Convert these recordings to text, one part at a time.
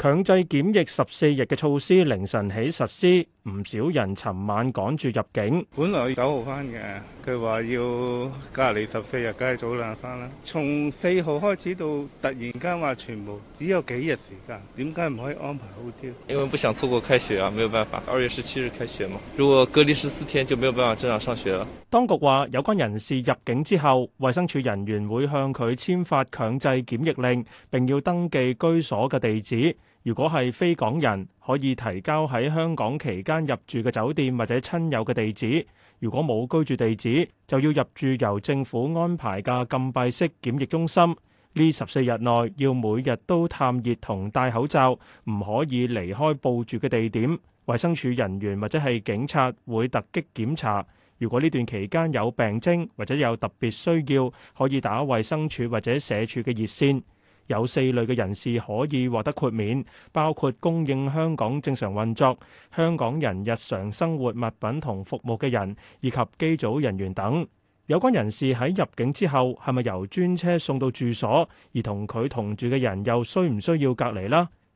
強制檢疫十四日嘅措施凌晨起實施，唔少人尋晚趕住入境。本來九號翻嘅，佢話要隔離十四日，梗係早兩日翻啦。從四號開始到突然間話全部只有幾日時間，點解唔可以安排好啲？因為不想錯過開學啊，沒有辦法，二月十七日開學嘛。如果隔離十四天，就沒有辦法正常上學了。當局話，有關人士入境之後，衛生署人員會向佢簽發強制檢疫令，並要登記居所嘅地址。如果係非港人，可以提交喺香港期間入住嘅酒店或者親友嘅地址。如果冇居住地址，就要入住由政府安排嘅禁閉式檢疫中心。呢十四日內要每日都探熱同戴口罩，唔可以離開報住嘅地點。衛生署人員或者係警察會突擊檢查。如果呢段期間有病徵或者有特別需要，可以打衛生署或者社署嘅熱線。有四類嘅人士可以獲得豁免，包括供應香港正常運作、香港人日常生活物品同服務嘅人，以及機組人員等。有關人士喺入境之後係咪由專車送到住所，而同佢同住嘅人又需唔需要隔離啦？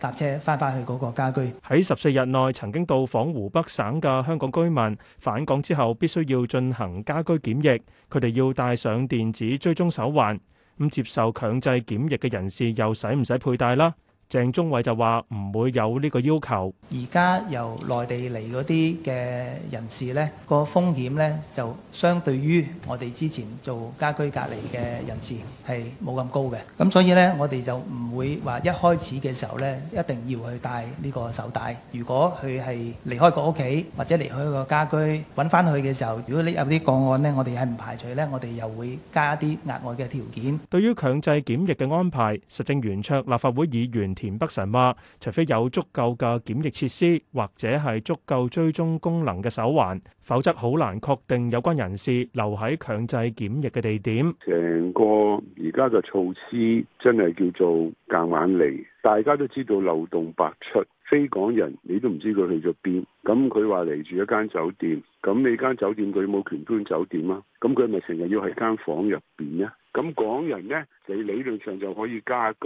搭車翻返去嗰個家居。喺十四日內曾經到訪湖北省嘅香港居民返港之後，必須要進行家居檢疫，佢哋要戴上電子追蹤手環。咁接受強制檢疫嘅人士又使唔使佩戴啦？鄭中偉就話唔會有呢個要求。而家由內地嚟嗰啲嘅人士咧，個風險咧就相對於我哋之前做家居隔離嘅人士係冇咁高嘅。咁所以咧，我哋就唔會話一開始嘅時候咧，一定要去戴呢個手帶。如果佢係離開個屋企或者離開個家居，揾翻去嘅時候，如果你有啲個案咧，我哋係唔排除咧，我哋又會加啲額外嘅條件。對於強制檢疫嘅安排，實政圓桌立法會議員田北辰話：除非有足夠嘅檢疫設施，或者係足夠追蹤功能嘅手環，否則好難確定有關人士留喺強制檢疫嘅地點。成個而家嘅措施真係叫做夾硬嚟。大家都知道漏洞百出，非港人你都唔知佢去咗邊。咁佢話嚟住一間酒店，咁你間酒店佢冇權關酒店啊。咁佢咪成日要喺間房入邊咧？咁港人呢，你理論上就可以家居。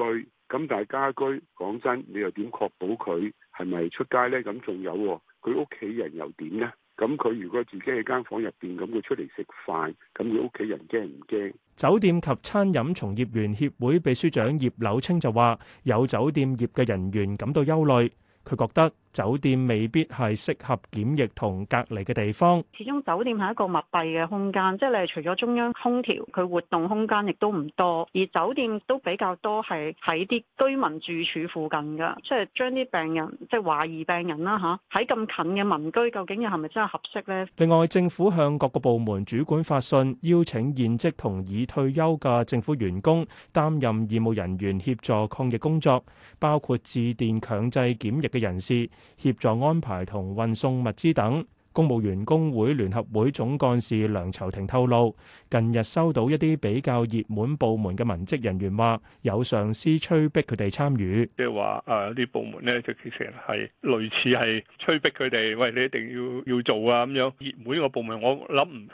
咁但係家居，講真，你又點確保佢係咪出街呢？咁仲有佢屋企人又點呢？咁佢如果自己喺間房入邊，咁佢出嚟食飯，咁佢屋企人驚唔驚？酒店及餐飲從業員協會秘書長葉柳青就話，有酒店業嘅人員感到憂慮。佢覺得酒店未必係適合檢疫同隔離嘅地方。始終酒店係一個密閉嘅空間，即係你除咗中央空調，佢活動空間亦都唔多。而酒店都比較多係喺啲居民住處附近噶，即係將啲病人，即係懷疑病人啦嚇，喺咁近嘅民居，究竟又係咪真係合適呢？另外，政府向各個部門主管發信，邀請現職同已退休嘅政府員工擔任義務人員協助抗疫工作，包括致電強制檢疫。嘅人士協助安排同運送物資等。公務員工會聯合會總幹事梁籌庭透露，近日收到一啲比較熱門部門嘅文職人員話，有上司催逼佢哋參與，即係話誒啲部門咧，就其實係類似係催逼佢哋，喂你一定要要做啊咁樣。熱門個部門，我諗唔，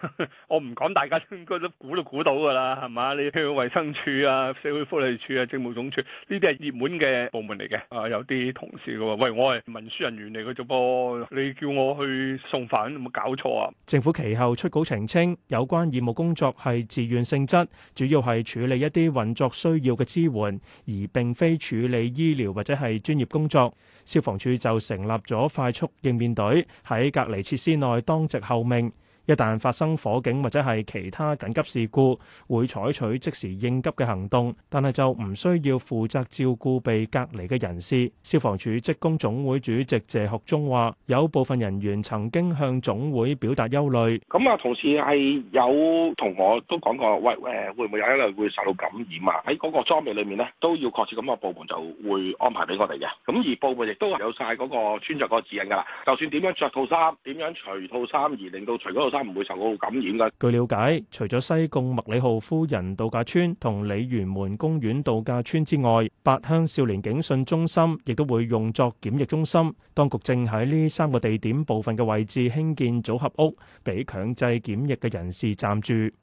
我唔講，大家應該都估都估到㗎啦，係嘛？你去衞生署啊、社會福利署啊、政務總署呢啲係熱門嘅部門嚟嘅。啊，有啲同事嘅話，喂，我係文書人員嚟嘅啫噃，你叫我去送。犯，有冇搞錯啊？政府其後出稿澄清，有關義務工作係自願性質，主要係處理一啲運作需要嘅支援，而並非處理醫療或者係專業工作。消防處就成立咗快速應變隊，喺隔離設施內當值候命。一旦發生火警或者係其他緊急事故，會採取即時應急嘅行動，但係就唔需要負責照顧被隔離嘅人士。消防處職工總會主席謝學忠話，有部分人員曾經向總會表達憂慮，咁啊，同事係有同我都講過，喂喂，會唔會有一類會受到感染啊？喺嗰個裝備裏面咧，都要確切咁嘅部門就會安排俾我哋嘅。咁而部門亦都有晒嗰個穿着嗰個指引噶啦。就算點樣着套衫，點樣除套衫而令到除嗰套衫。唔會受到感染㗎。據了解，除咗西貢麥理浩夫人度假村同鯉魚門公園度假村之外，八鄉少年警訊中心亦都會用作檢疫中心。當局正喺呢三個地點部分嘅位置興建組合屋，俾強制檢疫嘅人士暫住。